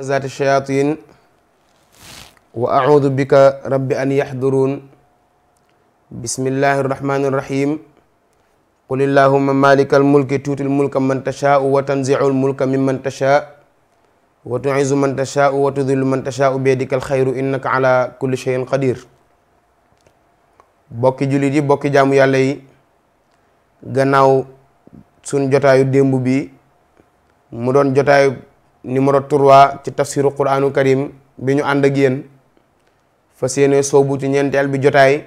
mazaati shayatin wa audu bika rabbi an yaxduruun bismillahi irrahmani irrahim qul illahuma malika almulki tuuti lmulka man tashaau wa tanzicu lmulka mimman tashaa wa tuizu man tashaau wa tudillu man tashaau biyadika alxayru innaka ala kulli cheyin qadir bokki jullit bokki jaamu yàlla yi sun jotaayu démb mu doon jotaayu numéro 3 ci tafsiru quraanu karim bi ñu ànd ak yéen fa yéene soobu ci ñeenteel bi jotaay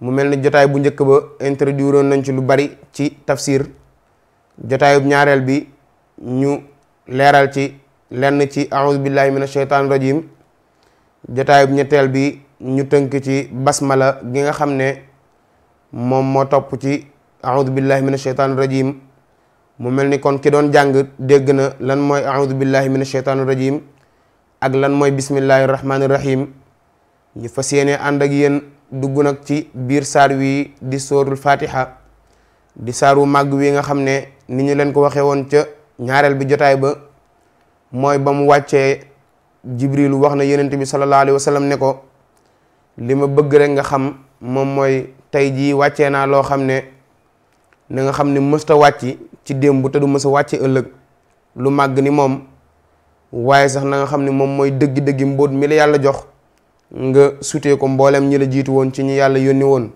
mu mel ni jotaay bu njëkk ba introduire nañ ci lu bari ci tafsir jotaayub ñaareel bi ñu leeral ci lenn ci aouzu billahi mina shaytaani rajim jotaayub ñetteel bi ñu tënk ci basmala gi nga xam ne moom moo topp ci aouzu billahi mina shaytaani rajim mu mel ni kon ki doon jàng dégg na lan mooy aoudu billahi min asheytaani rajim ak lan mooy bismillahi rahmaani rahim ñu fas yéene ànd ak yéen dugg nag ci biir saar wi di sootul fatiha di saar wu màgg wi nga xam ne ni ñu leen ko waxee woon ca ñaareel bi jotaay ba mooy ba mu wàccee jibril wax na yonent bi sallallahu alayhi wa ne ko li ma bëgg rek nga xam moom mooy tey jii wàccee naa loo xam ne na nga xam ne mësta wàcci ci démb te du mës a wàcce ëllëg lu màgg ni moom waaye sax na nga xam ne moom mooy dëggi-dëggi mbóot mi la yàlla jox nga suutee ko mboolem ñi la jiitu woon ci ñi yàlla yónni woon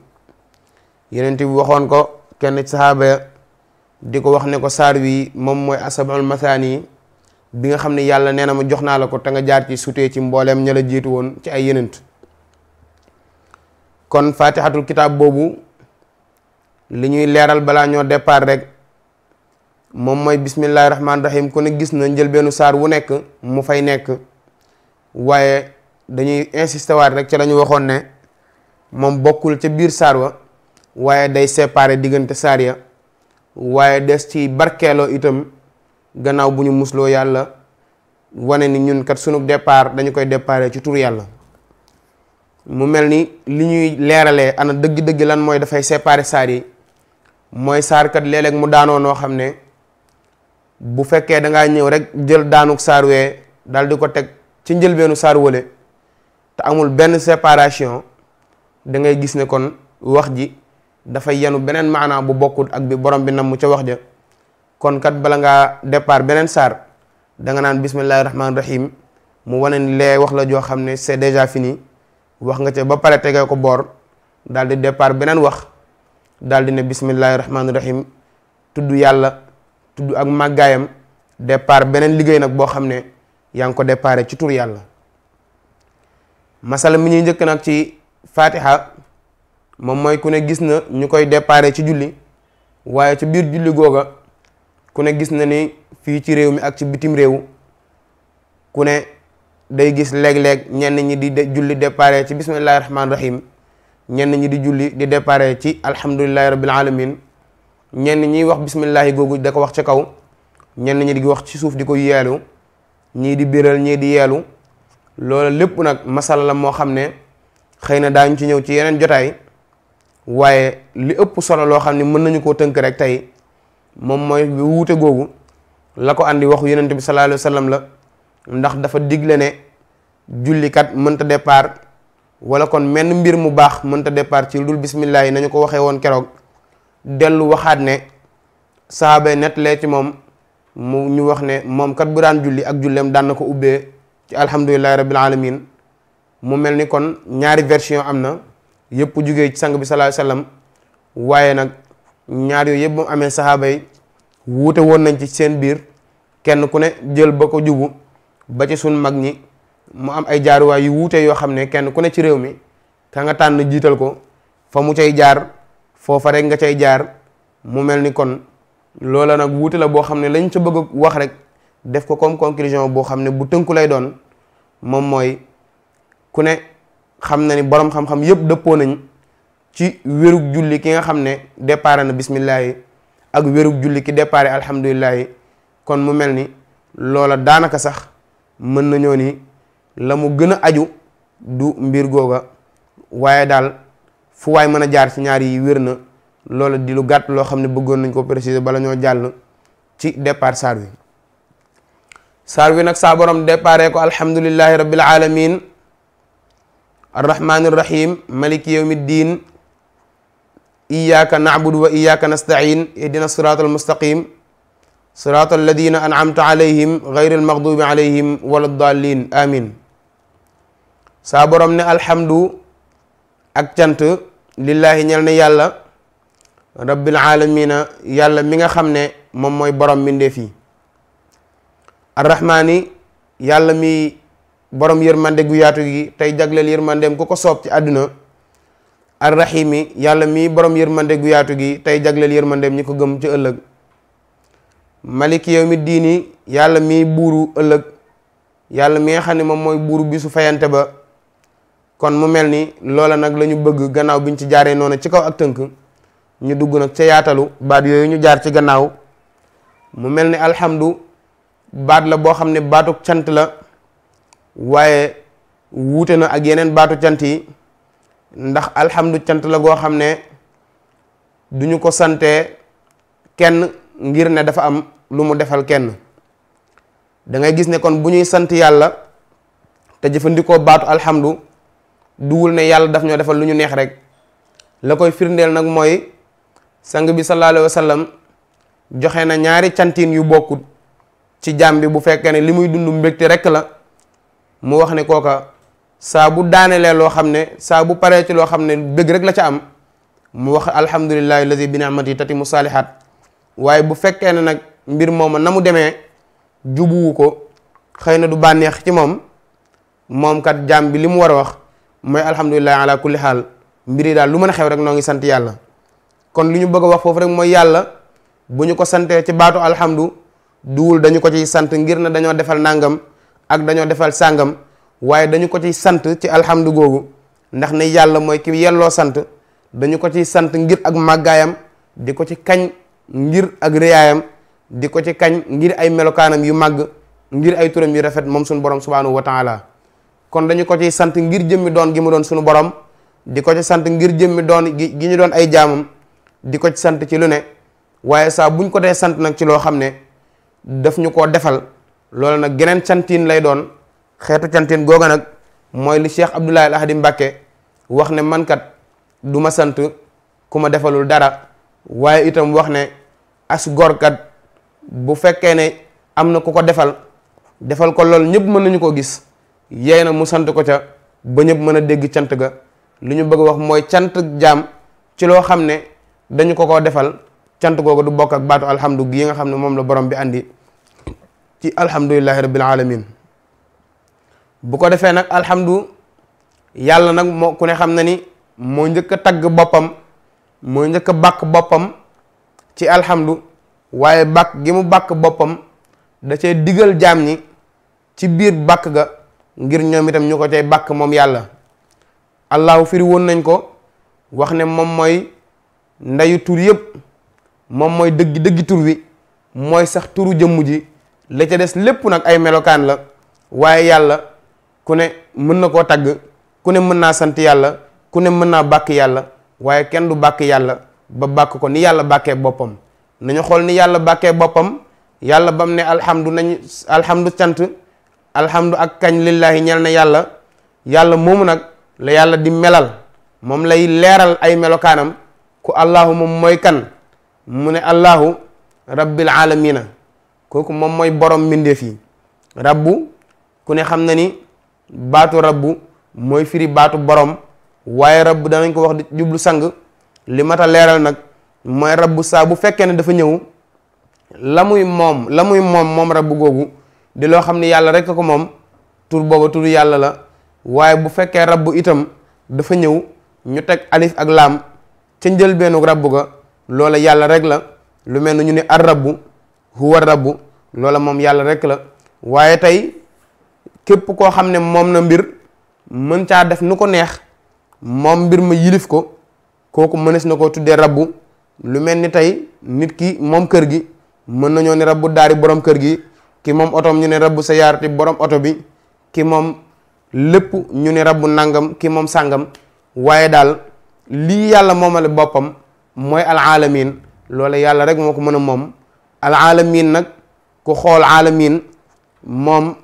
yeneen bi waxoon ko kenn ci di ko wax ne ko saar wi moom mooy asabul mathani bi nga xam ne yàlla nee na ma jox naa la ko te nga jaar ci sutee ci mbooleem ña la jiitu woon ci ay yenent kon fatihatul kitaab boobu li ñuy leeral balaa ñoo départ rek moom mooy bismillahi rahmaani rahim ku ne gis na njëlbeenu saar wu nekk mu fay nekk waaye dañuy insisté waat rek ca la waxoon ne moom bokkul ca biir saar wa waaye day séparé diggante saar ya waaye des ci barkeeloo itam gannaaw bu ñu musloo yàlla wane ni ñun kat sunu départ dañu koy déparé ci tur yàlla mu mel ni li ñuy leerale ana dëgg-dëgg lan mooy dafay séparé saar yi mooy saar kat léeg mu daanoo noo xam ne bu fekkee da ngaa ñëw rek jël daanu saar wee daal di ko teg ci njëlbeenu saar wële te amul benn séparation da ngay gis ne kon wax ji dafay yenu beneen maanaam bu bokkut ak bi borom bi nam mu ca wax ja kon kat bala nga départ beneen saar danga naan bismillahi rahmaani rahim mu wane lee wax la joo xam ne c'est déjà fini wax nga ca ba pare tegee ko boor daal di départ beneen wax daal di ne bismillahi rahmaani rahim tudd yàlla tudd ak màggaayam départ beneen liggéey nag boo xam ne yaa ngi ko déparé ci tur yàlla masala mi ñuy njëkk nag ci fatiha moom mooy ku ne gis na ñu koy déparé ci julli waaye ci biir julli googa ku ne gis na ni fii ci réew mi ak ci bitim réew ku ne day gis léeg-léeg ñenn ñi di julli déparé ci bismillahi rahmaani rahim ñenn ñi di julli di déparé ci alhamdulillahi rabbil alamin ñenn ñiy wax bismillahi googu da ko wax ci kaw ñenn ñi di wax ci suuf di ko yeelu ñii di biral ñii di yeelu loolu lépp nag masala la moo xam ne xëy na daañu ci ñëw ci yeneen jotaay waaye li ëpp solo loo xam ne mën nañu koo tënk rek tey moom mooy wuute googu la ko andi waxu yonent bi sallallahu alayhi wa la ndax dafa digle ne jullikat mënta départ wala kon menn mbir mu baax mënta départ ci lu dul bismillahi nañu ko waxee woon keroog dellu waxaat ne saxaabay nettalee ci moom mu ñu wax ne moom kat bu daan julli ak julleem daan na ko ubbee ci alhamdulillahi rabbil alamin mu mel ni kon ñaari version am na yëpp jugee ci sang bi sallallahu alayhi waaye nag ñaar yooyu yëpp moom amee saxaaba wuute woon nañ ci seen biir kenn ku ne jël ba ko jubu ba ci sun mag ñi mu am ay jaaruwaay yu wuute yoo xam ne kenn ku ne ci réew mi ka nga tànn jiital ko fa mu cay jaar foofa rek nga cay jaar mu mel ni kon loola nag wuti la boo xam ne lañ ca bëgg a wax rek def ko comme conclusion boo xam ne bu tënku lay doon moom mooy ku ne xam na ni boroom xam-xam yëpp dëppoo nañ ci wérug julli ki nga xam ne départ na bismillahi ak wérug julli ki départ alhamdulillahi kon mu mel ni loola daanaka sax mën nañoo ni la mu gën a aju du mbir googa waaye daal fu waay mën a jaar ci ñaar yi wér na loola di lu gàtt loo xam ne bëggoon nañ ko préciser bala ñoo jàll ci départ saar wi saar wi nag saa borom déparé ko alhamdulillahi rabbil alamin arrahmanir rahim maliki yawmiddin iyyaka na'budu wa iyyaka nasta'in ihdina siratal mustaqim siratal ladina an'amta alayhim ghayril maghdubi alayhim waladdallin amin saa borom alhamdu ak cant lillaahi ñal na yàlla rabbil aalamiina yàlla mi nga xam ne moom mooy borom mbindeef yi arrahmaani yàlla mi borom yërmande gu yaatu gi tey jagleel yërmandeem ku ko soob ci àdduna arrahimi yàlla mii borom yërmande gu yaatu gi tey jagleel yërmandeem ñi ko gëm ci ëllëg maliki yawmi diini yàlla mii buuru ëllëg yàlla mi nga xam ne moom mooy buuru bi su fayante ba kon mu mel ni loola nag la ñu bëgg gannaaw bi ñu ci jaaree noonu ci kaw ak tënk ñu dugg nag ca yaatalu baat yooyu ñu jaar ci gannaaw mu mel ni alhamdu baat la boo xam ne baatuk cant la waaye wuute na ak yeneen baatu cant yi ndax alxamdu cant la goo xam ne duñu ko sante kenn ngir ne dafa am lu mu defal kenn da gis ne kon bu ñuy sant yàlla te jëfandikoo baatu alhamdu dugul ne yàlla daf ñoo defal lu ñu neex rek la koy firndeel nag mooy sang bi sallallahu alayhi joxe na ñaari cantine yu bokkut ci jaam bi bu fekkee ne li muy dund mbégte rek la mu wax ne kooka saa bu daanelee loo xam ne saa bu paree ci loo xam ne bëgg rek la ca am mu wax alhamdulillahi allazi bi ni'mati tatimu saalihaat waaye bu fekkee ne nag mbir mooma na mu demee jubuwu ko xëy na du bànneex ci moom moom kat jaam bi li mu war a wax mooy alhamdulilah ala kulli xaal mbir yi daal lu mën a xew rek noo ngi sant yàlla kon li ñu bëgg a wax foofu rek mooy yàlla bu ñu ko santee ci baatu alhamdu duwul dañu ko ciy sant ngir na dañoo defal nangam ak dañoo defal sàngam waaye dañu ko ci sant ci alhamdu googu ndax ne yàlla mooy ki yelloo sant dañu ko ci sant ngir ak màggaayam di ko ci kañ ngir ak réyaayam di ko ci kañ ngir ay melokaanam yu màgg ngir ay turam yu rafet moom suñu borom subhanahu wa taala kon dañu ko ciy sant ngir jëmmi doon gi mu doon suñu borom di ko ci sant ngir jëmmi doon gi gi ñu doon ay jaamam di ko ci sant ci lu ne waaye saa buñ ko dee sant nag ci loo xam ne daf ñu koo defal loolu nag geneen cantiin lay doon xeetu cantiin googa nag mooy li Cheikh Abdoulaye Al Ahadi Mbacke wax ne man kat du ma sant ku ma defalul dara waaye itam wax ne as gorkat bu fekkee ne am na ku ko defal defal ko loolu ñëpp mën nañu koo gis yey na mu sant ko ca ba ñëpp mën a dégg cant ga lu ñu bëgg wax mooy cant jaam ci loo xam ne dañu ko ko defal cant googu du bokk ak baatu alhamdu gi nga xam ne moom la borom bi andi ci alhamdulillahi rabbil alamin bu ko defee nag alhamdu yàlla nag moo ku ne xam na ni moo njëkk a tagg boppam moo njëkk a bàkk boppam ci alhamdu waaye bàkk gi mu bàkk boppam da cee digal jaam ñi ci biir bàkk ga ngir ñoom itam ñu ko cay bàkk moom yàlla allahu firi woon nañ ko wax ne moom mooy ndeyu tur yëpp moom mooy dëgg dëggi tur wi mooy sax turu jëmm ji la ca des lépp nag ay melokaan la waaye yàlla ku ne mën na koo tagg ku ne mën naa sant yàlla ku ne mën naa bàkk yàlla waaye kenn du bàkk yàlla ba bàkk ko ni yàlla bàkkee boppam nañu xool ni yàlla bàkkee boppam yàlla bam ne alhamdu nañu alhamdu cant alhamdu ak kañ lillahi ñal na yàlla yàlla moomu nag la yàlla di melal moom lay leeral ay melokaanam ku allahu moom mooy kan mu ne allahu rabbil alamina kooku moom mooy boroom mbindeef yi rabbu ku ne xam na ni baatu rabbu mooy firi baatu boroom waaye rabbu danañ ko wax di jublu sang li mat a leeral nag mooy rabbu saa bu fekkee ne dafa ñëw la muy moom la muy moom moom rabbu googu di loo xam ne yàlla rek ko moom tur booba turu yàlla la waaye bu fekkee rabbu itam dafa ñëw ñu teg alif ak laam ca njëlbéenu rabbu ga loola yàlla rek la lu mel na ñu ni ar rabbu huwa rabbu loola moom yàlla rek la waaye tey képp koo xam ne moom na mbir mën caa def nu ko neex moom mbir ma yilif ko kooku mënees na koo tuddee rabbu lu mel ni tey nit ki moom kër gi mën nañoo ni rabbu daari borom kër gi ki moom otoom ñu ne rabbu sayaarati borom oto bi ki moom lépp ñu ne rabbu nangam ki moom sàngam waaye daal lii yàlla moomale boppam mooy alaalamin loole yàlla rek moo ko mën a moom alaalamin nag ku xool alamin moom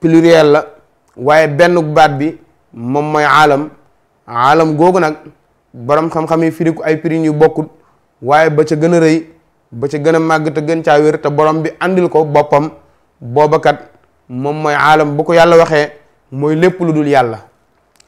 pluriel la waaye benn baat bi moom mooy aalam aalam googu nag borom xam-xam yi firi ko ay pirin yu bokkut waaye ba ca gën a rëy ba ca gën a màgg te gën caa te borom bi andil ko boppam boobakat moom mooy aalam bu ko yàlla waxee mooy lépp lu dul yàlla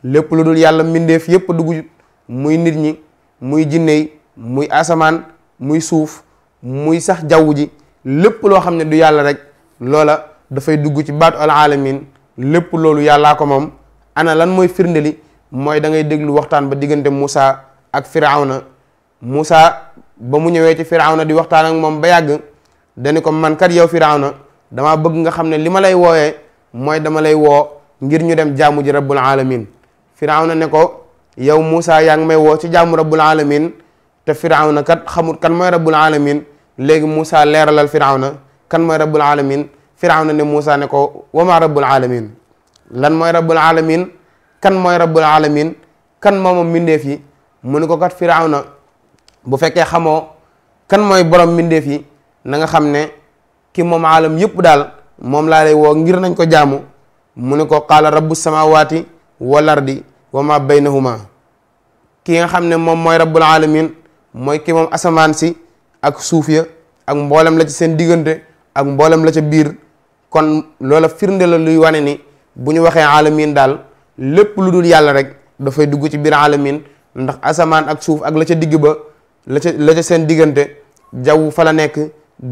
lépp lu dul yàlla mbindeef yépp dugg muy nit ñi muy jinne muy asamaan muy suuf muy sax jaww ji lépp loo xam ne du yàlla rek loola dafay dugg ci baatu al alamin lépp loolu yàllaa ko moom ana lan mooy firndeli mooy da ngay déglu waxtaan ba diggante Moussa ak Firawna Moussa ba mu ñëwee ci firawna di waxtaan ak moom ba yàgg dañu ko man kat yow firawna dama bëgg nga xam ne li ma lay wooyee mooy dama lay woo ngir ñu dem jaamu ji rabbul alamin firawna ne ko yow Moussa yaa ngi may woo ci jaamu rabbul alamin te firawna kat xamut kan mooy rabbul alamin léegi Moussa leeralal firawna kan mooy rabbul alamin ne Moussa ne ko wama rabbul alamin lan mooy rabbul alamin kan mooy rabbul alamin kan moomam mbindeef yi mu ne ko kat firawna bu fekkee xamoo kan mooy borom mbindeef yi na nga xam ne kii moom aalam yëpp daal moom laa lay woo ngir nañ ko jaamu mu ne ko qaala rabbu samawaati wal ardi wa ma baynahuma ki nga xam ne moom mooy rabbul alamin mooy kii moom asamaan si ak suuf ya ak mboolem la ci seen diggante ak mboolem la ca biir kon loola firnde la luy wane ni bu ñu waxee alamin daal lépp lu dul yàlla rek dafay dugg ci biir alamin ndax asamaan ak suuf ak la ca digg ba la ca la ca seen diggante jaww fa la nekk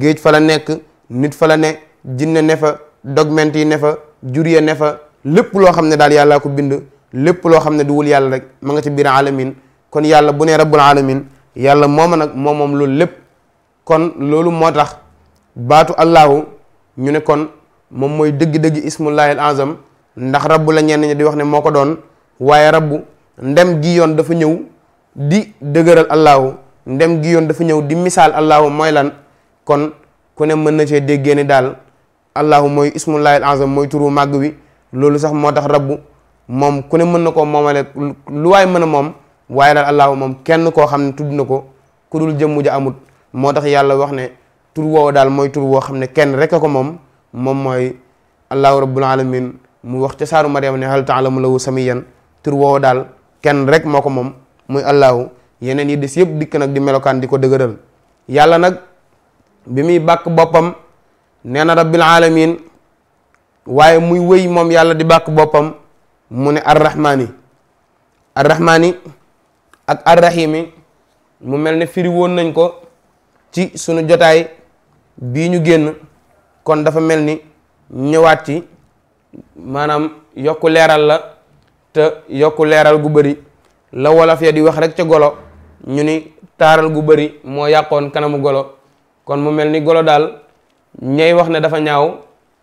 géej fa la nekk nit fa la ne jinne ne fa dogment yi ne fa jur ne fa lépp loo xam ne daal yàllaa ko bind lépp loo xam ne du wul yàlla rek ma nga ci biir alamin kon yàlla bu nee rabbul alamin yàlla mooma nag moom moom loolu lépp kon loolu moo tax baatu allahu ñu ne kon moom mooy dëgg-dëgg ismullahi al ndax rabbu la ñenn ñi di wax ne moo ko doon waaye rabbu ndem gi yoon dafa ñëw di dëgëral allahu ndem gi yoon dafa ñëw di misaal allahu mooy lan kon ku ne mën na cee déggee ni daal allahu mooy ismullahil azam mooy turu màgg wi loolu sax moo tax rabbu moom ku ne mën na koo moomale lu waay mën a moom waaye daal allahu moom kenn koo xam ne tudd na ko ku dul ja amut moo tax yàlla wax ne tur woow daal mooy tur woo xam ne kenn rek a ko moom moom mooy allahu rabbul alamin mu wax ca saaru mariam ne hal taalamu lahu samiyan tur woowu daal kenn rek moo ko moom muy allahu yeneen yi des yëpp dikk nag di melokaan di ko dëgëral yàlla nag bi muy bàkk boppam nee na rabbil alamin waaye muy wéy moom yàlla di bàkk boppam mu ne arrahmaani arrahmaani ak arrahimi mu mel ni firi nañ ko ci sunu jotaay bii ñu génn kon dafa mel ni ñëwaat ci maanaam yokku leeral la te yokku leeral gu bëri la wolof ya di wax rek ca golo ñu ni taaral gu bëri moo yàqoon kanamu golo kon mu mel ni golo daal ñay wax ne dafa ñaaw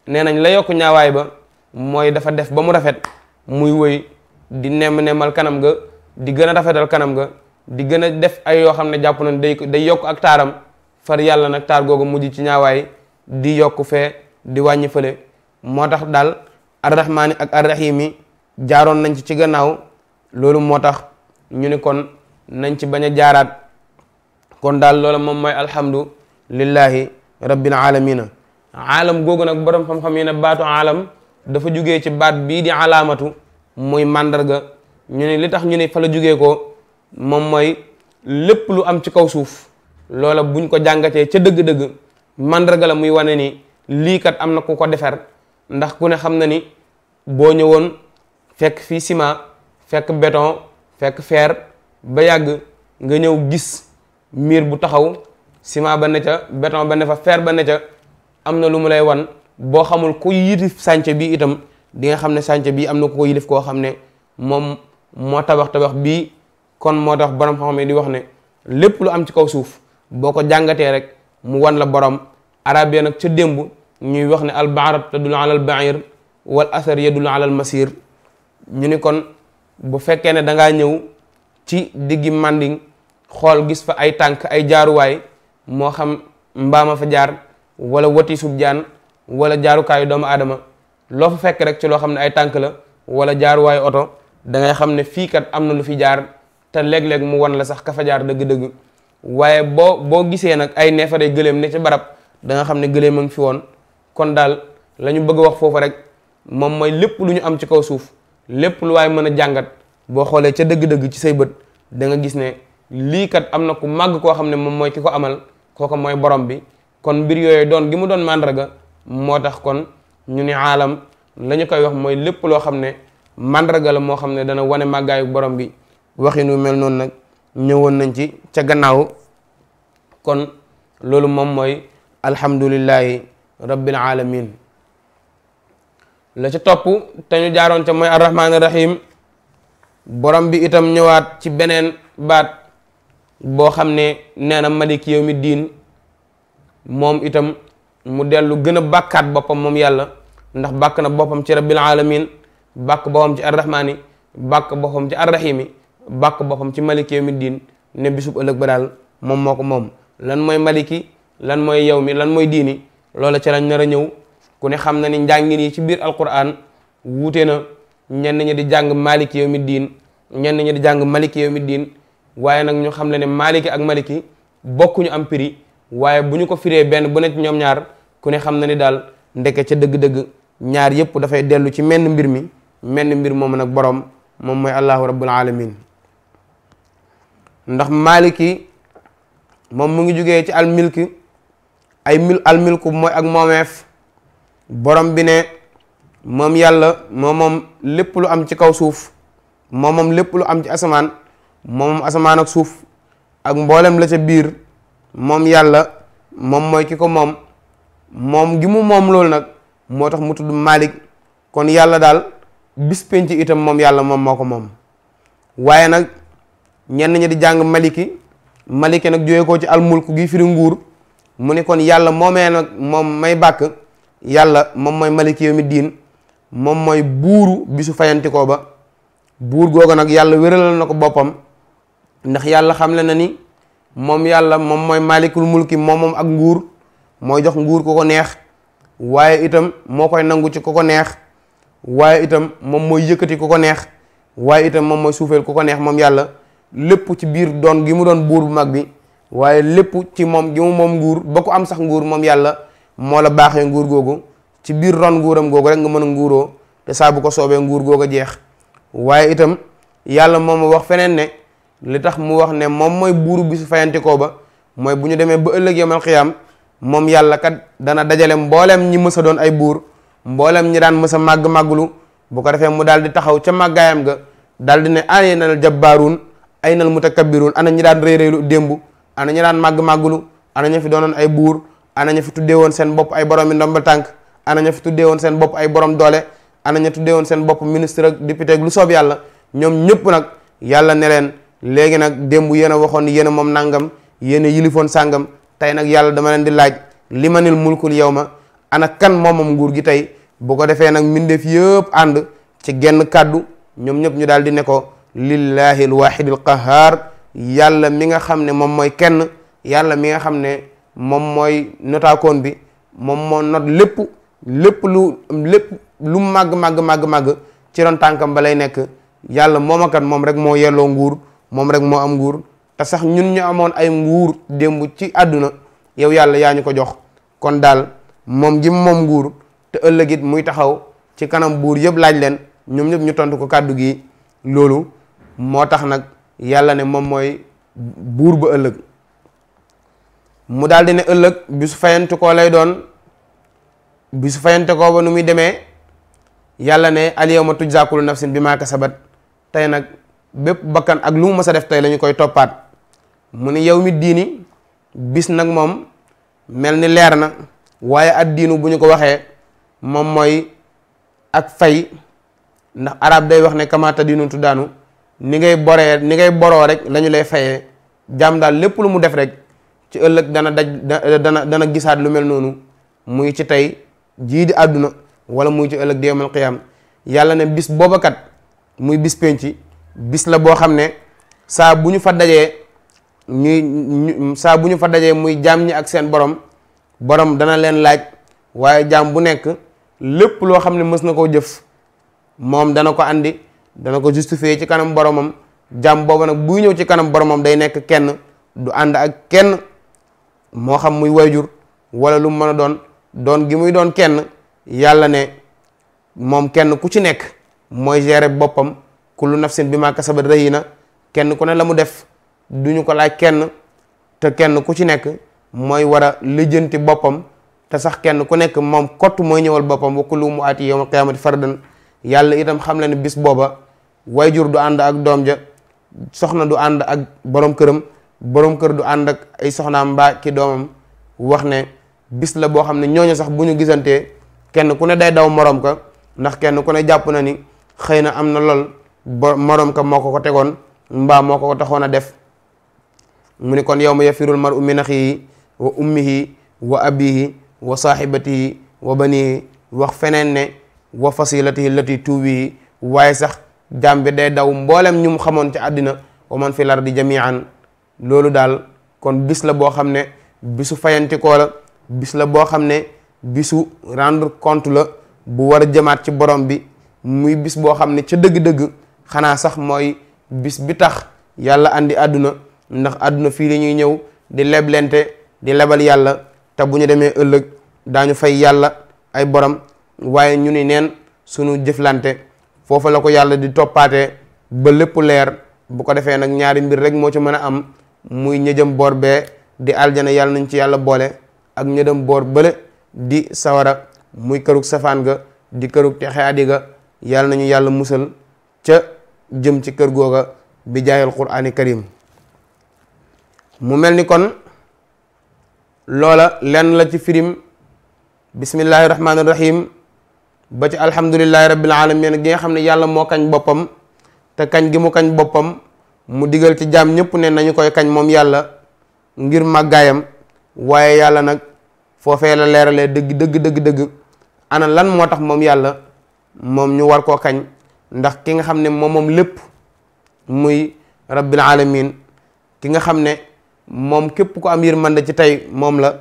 nee nañ la yokk ñaawaay ba mooy dafa def ba mu rafet muy wëy di nemm nemmal kanam ga di gën a rafetal kanam ga di gën a def ay yoo xam ne jàpp nañ day day yokk ak taaram far yàlla nag taar googu mujj ci ñaawaay di yokk fee di wàññi fële moo tax daal arrahmaani ak arrahimi jaaroon nañ ci ci gannaaw loolu moo tax ñu ni kon nañ ci bañ a jaaraat kon daal loola moom mooy alhamdu lillahi rabbil alamina aalam googu nag borom xam-xam yi ne baatu aalam dafa jóge ci baat bii di alaamatu muy màndarga ñu ne li tax ñu ne fa jóge ko moom mooy lépp lu am ci kaw suuf loola buñ ko jàngatee ca dëgg-dëgg màndarga la muy wane ni liikat am na ku ko defar ndax ku ne xam na ni boo ñëwoon fekk fii ciment fekk beton fekk feer ba yàgg nga ñëw gis miir bu taxaw ciment ba ne ca béton ba ne fa fer ba ne ca am na lu mu lay wan boo xamul ku yilif sànce bi itam di nga xam ne sànce bi am na ku ko yilif koo xam ne moom moo tabax tabax bii kon moo tax borom xam di wax ne lépp lu am ci kaw suuf boo ko jàngatee rek mu wan la borom arab nag ca démb ñuy wax ne al baarat tadul ala al bair wal asar du ala al masir ñu ni kon bu fekkee ne dangaa ñëw ci diggi Manding xool gis fa ay tànk ay jaaruwaay moo xam mbaama fa jaar wala wati sub jaan wala jaarukaayu doomu aadama loo fa fekk rek ci loo xam ne ay tànk la wala jaaruwaayu oto da ngay xam ne fii kat am na lu fi jaar te léeg-léeg mu wan la sax ka fa jaar dëgg-dëgg waaye boo boo gisee nag ay neefare gëléem ne ci barab da xam ne gëléem a ngi fi woon kon daal la ñu bëgg a wax foofu rek moom mooy lépp lu ñu am ci kaw suuf lépp lu waay mën a jàngat boo xoolee ca dëgg-dëgg ci say bët da nga gis ne lii kat am na ku màgg koo xam ne moom mooy ki ko amal kooka mooy borom bi kon mbir yooyu doon gi mu doon màndarga moo tax kon ñu ni aalam la koy wax mooy lépp loo xam ne màndarga la moo xam ne dana wane màggaayu borom bi waxinu mel noonu nag ñëwoon nañ ci ca gannaaw kon loolu moom mooy alhamdulillahi rabbil alamin la ca topp te ñu jaaroon ca mooy arrahmaani rahim borom bi itam ñëwaat ci beneen baat boo xam ne nee na malik mi diin moom itam mu dellu gën a bàkkaat boppam moom yàlla ndax bàkk na boppam ci rabbil alamin bàkk boppam ci arrahmaani bàkk boppam ci arrahimi bàkk boppam ci malik yawmi diin ne bisub ëllëg ba daal moom moo ko moom lan mooy maliki lan mooy yow mi lan mooy diini loola ca lañ nar a ñëw ku ne xam na ni njàngin yi ci biir alquran wuute na ñenn ñi di jàng maliki yawmi diin ñenn ñi di jàng maliki yawmi diin waaye nag ñu xam le ne maliki ak maliki bokkuñu am prix waaye bu ñu ko firee benn bu nekk ñoom ñaar ku ne xam na ni daal ndeke ca dëgg-dëgg ñaar yépp dafay dellu ci menn mbir mi menn mbir moom nag boroom moom mooy allahu rabbul alamin ndax maliki moom mu ngi jógee ci almilk ay mil almilku mooy ak moomeef borom bi ne moom yàlla moom moom lépp lu am ci kaw suuf moom moom lépp lu am ci asamaan moom moom asamaan ak suuf ak mbooleem la ca biir moom yàlla moom mooy ki ko moom moom gi moom loolu nag moo tax mu tudd Malik kon yàlla daal bis penc itam moom yàlla moom moo ko moom waaye nag ñenn ñi di jàng maliki maliki nag jóge ci almulk gi firi nguur mu ne kon yàlla moomee nag moom may bàkk yàlla moom mooy maliki yow mi diin moom mooy buuru bisu fayantikoo ba buur googu nag yàlla wéralal na ko boppam ndax yàlla xamle na ni moom yàlla moom mooy maalikul mulki moom moom ak nguur mooy jox nguur ku ko neex waaye itam moo koy nangu ci ku ko neex waaye itam moom mooy yëkkati ku ko neex waaye itam moom mooy suufeel ku ko neex moom yàlla lépp ci biir doon gi mu doon buur bu mag bi waaye lépp ci moom gi mu moom nguur ba ku am sax nguur moom yàlla moo la baaxee nguur googu ci biir ron nguuram googu rek nga mën a nguuroo te saa bu ko soobee nguur googu jeex waaye itam yàlla moom mu wax feneen ne li tax mu wax ne moom mooy buuru bisu fayantikoo ba mooy bu ñu demee ba ëllëg yomal xiyaam moom yàlla kat dana dajale mbooleem ñi mës a doon ay buur mboolem ñi daan mës a màgg màggulu bu ko defee mu daal di taxaw ca màggaayam ga daal di ne ay aynal jabbaaruun aynal mutakabbiruun ana ñi daan réeréelu démb ana ñi daan màgg màggulu ana ña fi doonoon ay buur ana ña fi tuddee woon seen bopp ay boroomi ndombal tànk ana ña fi tuddee woon seen bopp ay borom doole ana ña tuddee woon seen bopp ministre ak député ak lu soob yàlla ñoom ñëpp nag yàlla ne leen léegi nag démb yéen a waxoon yéen a moom nangam yéen a yilifoon sàngam tey nag yàlla dama leen di laaj li manil mulkul yow ma ana kan moom moom nguur gi tey bu ko defee nag mbindeef yëpp ànd ci genn kàddu ñoom ñëpp ñu daal di ne ko lillahi alwahidil yàlla mi nga xam ne moom mooy kenn yàlla mi nga xam ne moom mooy notaakoon bi moom moo lépp lépp lu lépp lu màgg màgg màgg màgg ci ron tànkam ba lay nekk yàlla moom akat moom rek moo yelloo nguur moom rek moo am nguur te sax ñun ñu amoon ay nguur démb ci àdduna yow yàlla yaa ñu ko jox kon daal moom gi moom nguur te ëllëg it muy taxaw ci kanam buur yëpp laaj leen ñoom ñëpp ñu tontu ko kàddu gi loolu moo tax nag yàlla ne moom mooy buur ba ëllëg mu daal di ne ëllëg bisu fayantu koo lay doon bi su fayante koo ba nu muy demee yàlla ne alyawma tujzaa kullu nafsin bimaa kasabat tey nag bépp bakkan ak lu mu mës a def tey lañu koy toppaat mu ni yow mi diini bis nag moom mel ni leer na waaye at diinu bu ñu ko waxee moom mooy ak fay ndax arab day wax ne kamaata diinu tuddaanu ni ngay boree ni ngay boroo rek lañu lay fayee jaam daal lépp lu mu def rek ci ëllëg dana daj dana gisaat lu mel noonu muy ci tey jii di àdduna wala muy ci ëllëg yawmal qiyaam yàlla ne bis boobakat muy bis penc bis la boo xam ne saa bu ñu fa dajee ñuy saa bu ñu fa dajee muy jaam ñi ak seen borom borom dana leen laaj waaye jaam bu nekk lépp loo xam ne mës na koo jëf moom dana ko àndi dana ko justifier ci kanam boromam jaam boobu nag buy ñëw ci kanam boromam day nekk kenn du ànd ak kenn moo xam muy wayjur wala lu mu mën a doon doon gi muy doon kenn yàlla ne moom kenn ku ci nekk mooy gérer boppam kullu nafsin bi ma maa kasabat rahina kenn ku ne la mu def duñu ko laaj kenn te kenn ku ci nekk mooy war a lijjanti boppam te sax kenn ku nekk moom kott mooy ñëwal boppam wa kullu mu aati yawmal qiyaamati fardan yàlla itam xam la ne bis booba jur du ànd ak doom ja soxna du ànd ak boroom këram boroom kër du ànd ak ay soxnaam mbaa ki doomam wax ne bis la boo xam ne ñooñu sax bu ñu gisantee kenn ku ne day daw morom ka ndax kenn ku ne jàpp na ni xëy na am na lool ba morom ka moo ko ko tegoon mbaa moo ko ko taxoon a def mu ni kon yawma yafirul mar'u min axiihi wa ummihi wa abihi wa saaxibatihi wa banihi wax feneen ne wa fasilatihi lati tuubihi waaye sax jaam bi day daw mboolem ñum xamoon ci àddina wa man fi lardi jamian loolu daal kon bis la boo xam ne bisu fayantikoo la bis la boo xam ne bisu rendre compte la bu war a jëmaat ci borom bi muy bis boo xam ne ca dëgg-dëgg xanaa sax mooy bis bi tax yàlla indi àdduna ndax àdduna fii la ñuy ñëw di leblente di lebal yàlla te bu ñu demee ëllëg daañu fay yàlla ay borom waaye ñu ni neen sunu jëflante foofu la ko yàlla di toppaatee ba lépp leer bu ko defee nag ñaari mbir rek moo ci mën a am muy ñëjëm boor bee di aljana yàlla nañu ci yàlla boole ak ña dem boor bële di sawara muy kërug safaan ga di kërug texe adi ga yàlla nañu yàlla musal ca jëm ci kër googa bi jaayal quraani karim mu mel ni kon loola lenn la ci firim bismillahi rahmaani rahim ba ci alhamdulillahi rabbil alamin gi nga xam ne yàlla moo kañ boppam te kañ gi mu kañ boppam mu digal ci jaam ñëpp ne nañu koy kañ moom yàlla ngir màggaayam waaye yàlla nag foofee la leeralee dëgg dëgg dëgg dëgg ana lan moo tax moom yàlla moom ñu war koo kañ ndax ki nga xam ne moom moom lépp muy rabbil alamin ki nga xam ne moom képp ku am yërmande ci tey moom la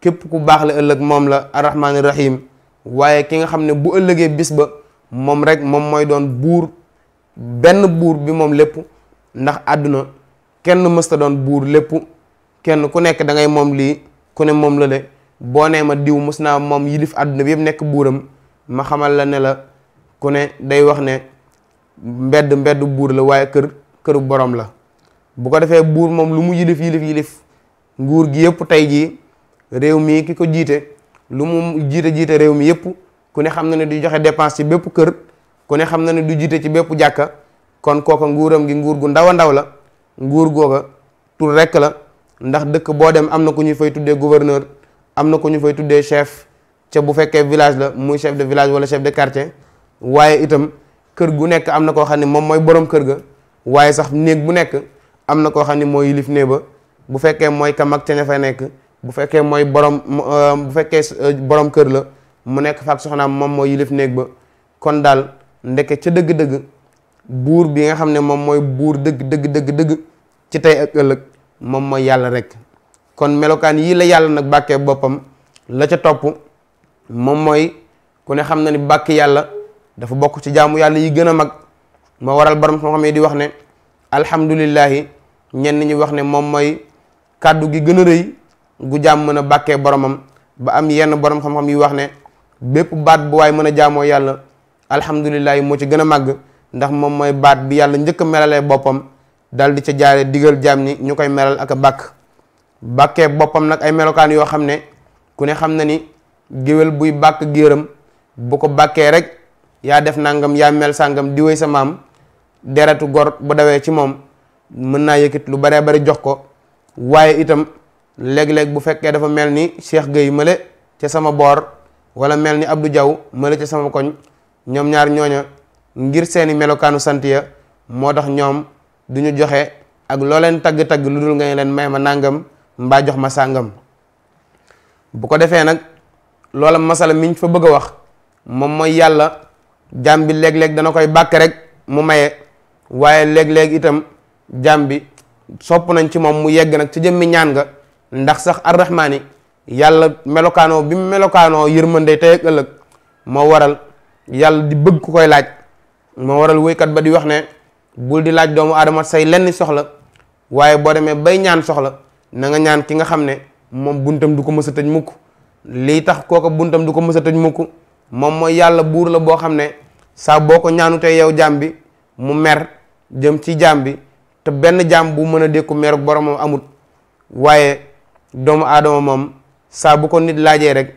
képp ku baax la ëllëg moom la arrahmaani rahim waaye ki nga xam ne bu ëllëgee bis ba moom rek moom mooy doon buur benn buur bi moom lépp ndax àdduna kenn mësta doon buur lépp kenn ku nekk da ngay moom lii ku ne moom la le boo nee ma diw mos naa moom yilif àdduna bi yëpp nekk buuram ma xamal la ne la ku ne day wax ne mbedd mbedd buur la waaye kër këru borom la bu ko defee buur moom lu mu yilif yilif yilif nguur gi yëpp tey jii réew mii ki ko jiite lu mu jiite jiite réew mi yëpp ku ne xam na ne du joxe dépense ci bépp kër ku ne xam na ne du jiite ci bépp jàkka kon kooka nguuram gi nguur gu ndaw a ndaw la nguur googa tur rekk la ndax dëkk boo dem am na ku ñu fay tuddee gouverneur am na ko ñu fay tuddee chef ca bu fekkee village la muy chef de village wala chef de quartier waaye itam kër gu nekk am na koo xam ne moom mooy borom kër ga waaye sax néeg bu nekk am na koo xam ne mooy yilif néeg ba bu fekkee mooy kam ak ca ña fa nekk bu fekkee mooy borom euh, bu fekkee euh, borom kër la mu nekk fa ak soxnaam moom mooy yilif néeg ba kon daal ndeke ca dëgg-dëgg buur bi nga xam ne moom mooy buur dëgg dëgg dëgg dëgg ci tey ak ëllëg moom mooy yàlla rek kon melokaan yii la yàlla nag bàkkee boppam la ca topp moom mooy ku ne xam na ni bàkk yàlla dafa bokk ci jaamu yàlla yi gën a mag moo waral borom xam-xam yi di wax ne alhamdulillahi ñenn ñi wax ne moom mooy kàddu gi gën a rëy gu jaam mën a bàkkee boromam ba am yenn borom xam-xam yi wax ne bépp baat bu waaye mën a jaamoo yàlla alhamdulillahi moo ci gën a màgg ndax moom mooy baat bi yàlla njëkk a melalee boppam dal di ca jaare digal jaam ni ñu koy melal ak a bàkk bàkkee boppam nag ay melokaan yoo xam ne ku ne xam na ni géwél buy bàkk géeram bu ko bàkkee rek yaa def nangam yaa mel sàngam di sa maam deretu gor bu dawee ci moom mën naa yëkkit lu baree bari jox ko waaye itam léeg-léeg bu fekkee dafa mel ni Cheikh Gueye male ca sama boor wala mel ni Abdou Diaw male ca sama koñ ñoom ñaar ñooña ngir seeni melokaanu sant ya moo tax ñoom du ñu joxe ak loo leen tagg-tagg lu dul nga leen may ma nàngam mbaa jox ma sàngam bu ko defee nag loola masala miñ fa bëgg a wax moom mooy yàlla jaam bi léeg-léeg dana koy bàkk rek mu maye waaye léeg-léeg itam jaam bi sopp nañ ci moom mu yegg nag ci jëmmi ñaan nga ndax sax arrahmaani yàlla melokaanoo bi mu melokaanoo yërmande tey ak ëllëg moo waral yàlla di bëgg ku koy laaj moo waral wéykat ba di wax ne bul di laaj doomu aadama say lenn soxla waaye boo demee bay ñaan soxla na nga ñaan ki nga xam ne moom buntam du ko mës a tëj mukk lii tax kooka buntam du ko mës a tëj mukk moom mooy yàlla buur la boo xam ne saa boo ko ñaanu tey yow jaam bi mu mer jëm ci jaam bi te benn jaam bu mën a dékku meru boromam amut waaye doomu aadama moom saa bu ko nit laajee rek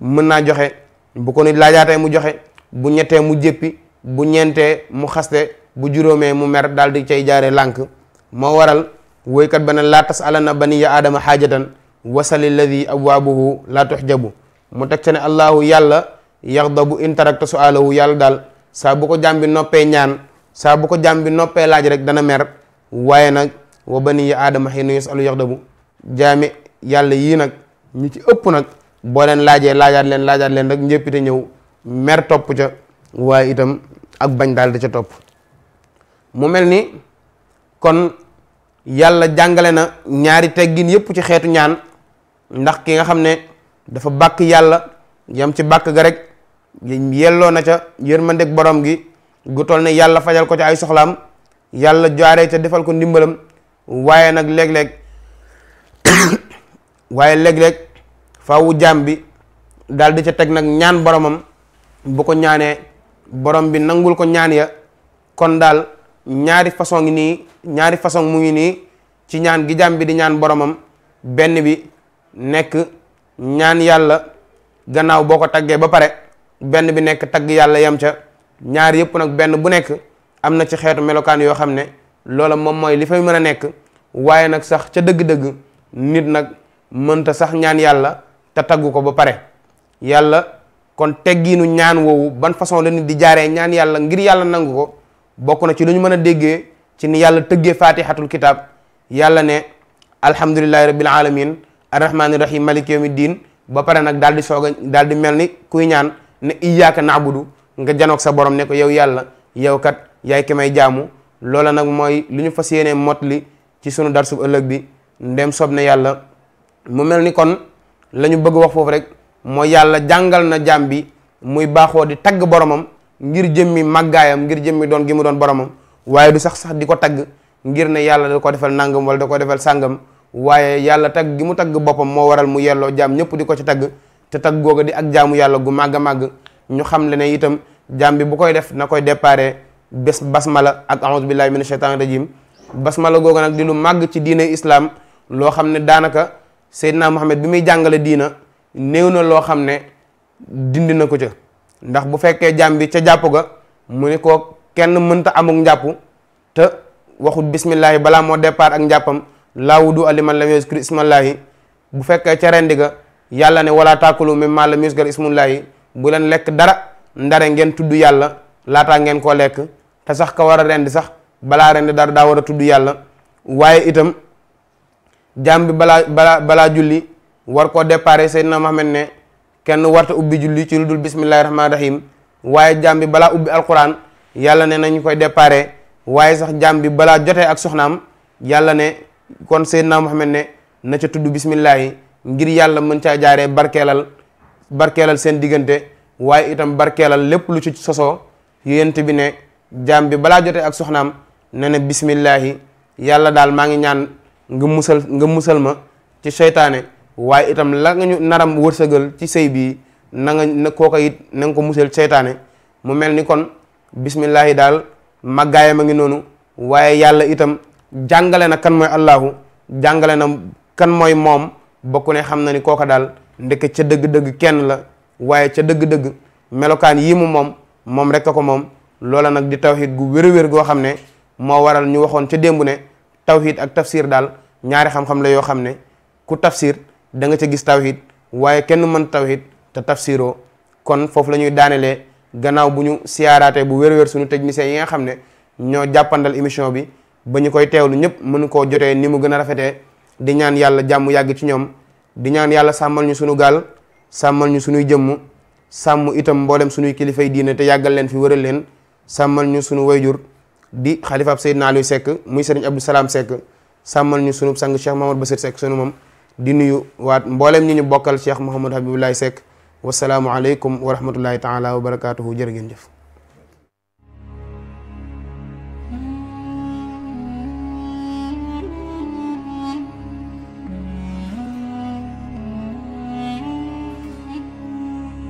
mën naa joxe bu ko nit laajaatee mu joxe bu ñettee mu jéppi bu ñeentee mu xaste bu juróomee mu mer daal di cay jaare lànk moo waral woykat ba ne laa tas alanna baniya aadama xaajatan wasali alladi abwaabuhu laa jabu mu teg ca ne allaahu yàlla yaxdabu in tarakta sualahu yàlla daal saa bu ko jaam bi noppee ñaan saa bu ko jaam bi noppee laaj rek dana mer waaye nag wa baniya aadama xëy na yasalu yaxdabu jaami yàlla yii nag ñi ci ëpp nag boo leen laajee laajaat leen laajaat leen rek njëppite ñëw mer topp waaye itam ak bañ daal da ca topp mu mel ni kon yàlla jàngale na ñaari teggin yépp ci xeetu ñaan ndax ki nga xam ne dafa bàkk yàlla yam ci bàkk ga rek yelloo na ca ma yërmandeg boroom gi gu toll ne yàlla fajal ko ca ay soxlaam yàlla jaare ca defal ko ndimbalam waaye nag léeg-léeg waaye léeg-léeg fawu jaam bi daal di ca teg nag ñaan boroomam bu ko ñaanee borom bi nangul ko ñaan ya kon daal ñaari façon ngi nii ñaari façon mu ngi nii ci ñaan gi jaam bi di ñaan boromam benn bi nekk ñaan yàlla gannaaw boo ko taggee ba pare benn bi nekk tagg yàlla yam ca ñaar yëpp nag benn bu nekk am na ci xeetu melokaan yoo xam ne loola moom mooy li fay mën a nekk waaye nag sax ca dëgg-dëgg nit nag mënta sax ñaan yàlla te taggu ko ba pare yàlla kon teggiinu ñaan woowu ban façon la nit di jaaree ñaan yàlla ngir yàlla nangu ko bokk na ci lu ñu mën a déggee ci ni yàlla tëggee faatihatul kitab yàlla ne alhamdulillahi rabbil alamin arrahmani rahim malik yawmi diin ba pare nag daal di soog a daal di mel ni kuy ñaan ne iyyaka na'budu nga janoog sa borom ne ko yow yàlla yow kat yaay ki may jaamu loola nag mooy lu ñu fas yéenee mot li ci sunu darsu ëllëg bi ndem soob na yàlla mu mel ni kon la bëgg wax foofu rek mooy yàlla jàngal na jaam bi muy baaxoo di tagg boromam ngir jëmmi màggaayam ngir jëmmi doon gi mu doon boromam waaye du sax sax di ko tagg ngir ne yàlla da ko defal nangam wala da ko defal sàngam waaye yàlla tagg gi mu tagg boppam moo waral mu yelloo jaam ñëpp di ko ci tagg te tagg googa di ak jaamu yàlla gu màgg a màgg ñu xam le ne itam jaam bi bu koy def na koy déparé bés basmala ak auzu billahi mina shaytaani rajim basmala googa nag di lu màgg ci diine islam loo xam ne daanaka Seydina Muhammad bi muy jàngale diina néew na loo xam ne dindi na ko ca ndax bu fekkee jàmm bi ca jàpp ga mu ne ko kenn mënta amuk njàpp te waxut bismillaahi balaa moo départ ak njàppam laa wudu la lam yuskar ismallaahi bu fekkee ca rendi ga yàlla ne wala taakulu mimmaa lam yuskar ismullaahi bu leen lekk dara ndare ngeen tudd yàlla laataa ngeen koo lekk te sax ka war a rendi sax balaa rendi dara daa war a tudd yàlla waaye itam jàmm bi balaa balaa balaa julli war koo déparé Seydina Muhammad ne kenn warta ubbi julli ci lu dul bismillahi rahmaani rahim waaye jaam bi balaa ubbi alquran yàlla ne nañu koy déparé waaye sax jaam bi balaa jotee ak soxnaam yàlla ne kon Seydina Muhammad ne na ca tudd bismillahi ngir yàlla mën caa jaaree barkeelal barkeelal seen diggante waaye itam barkeelal lépp lu ci sosoo yéent bi ne jaam bi balaa jotee ak soxnaam ne ne bismillahi yàlla daal maa ngi ñaan nga musal nga musal ma ci seytaane waaye itam la nga ñu naram wërsëgal ci sëy bii na nga na kooka it na ko musal seytaane mu mel ni kon bismillahi daal màggaayam a ngi noonu waaye yàlla itam jàngale na kan mooy Allahu jàngale na kan mooy moom bokku ne xam na ni kooka daal ndeke ca dëgg-dëgg kenn la waaye ca dëgg-dëgg melokaan yii mu moom moom rek a ko moom loola nag di tawhid gu wér-wér goo xam ne moo waral ñu waxoon ca démb ne tawhid ak tafsir daal ñaari xam-xam la yoo xam ne ku tafsir da nga ca gis tawhid waaye kenn mën tawhid te tafsiroo kon foofu la ñuy daanelee gannaaw bu ñu siyaaraatee bu wér-wér suñu techniciens yi nga xam ne ñoo jàppandal émission bi ba ñu koy teewlu ñëpp mënu koo jotee ni mu gën a rafetee di ñaan yàlla jàmm yàgg ci ñoom di ñaan yàlla sàmmal ñu suñu gaal sàmmal ñu suñuy jëmm sàmm itam mboolem suñuy kilifay diine te yàggal leen fi wëral leen sàmmal ñu suñu wayjur di xalifaab naa luy sekk muy sëriñ ab Salam Seck sàmmal ñu sunu sang Cheikh Mamadou Bassir Seck sunu moom di nuyu waat mboolem ñi ñu bokkal Cheikh Mouhamadou Habiboulaye Seck wasalaamualeykum wa rahmatullahi taala wa barakaatuhu jërë ngeen jëf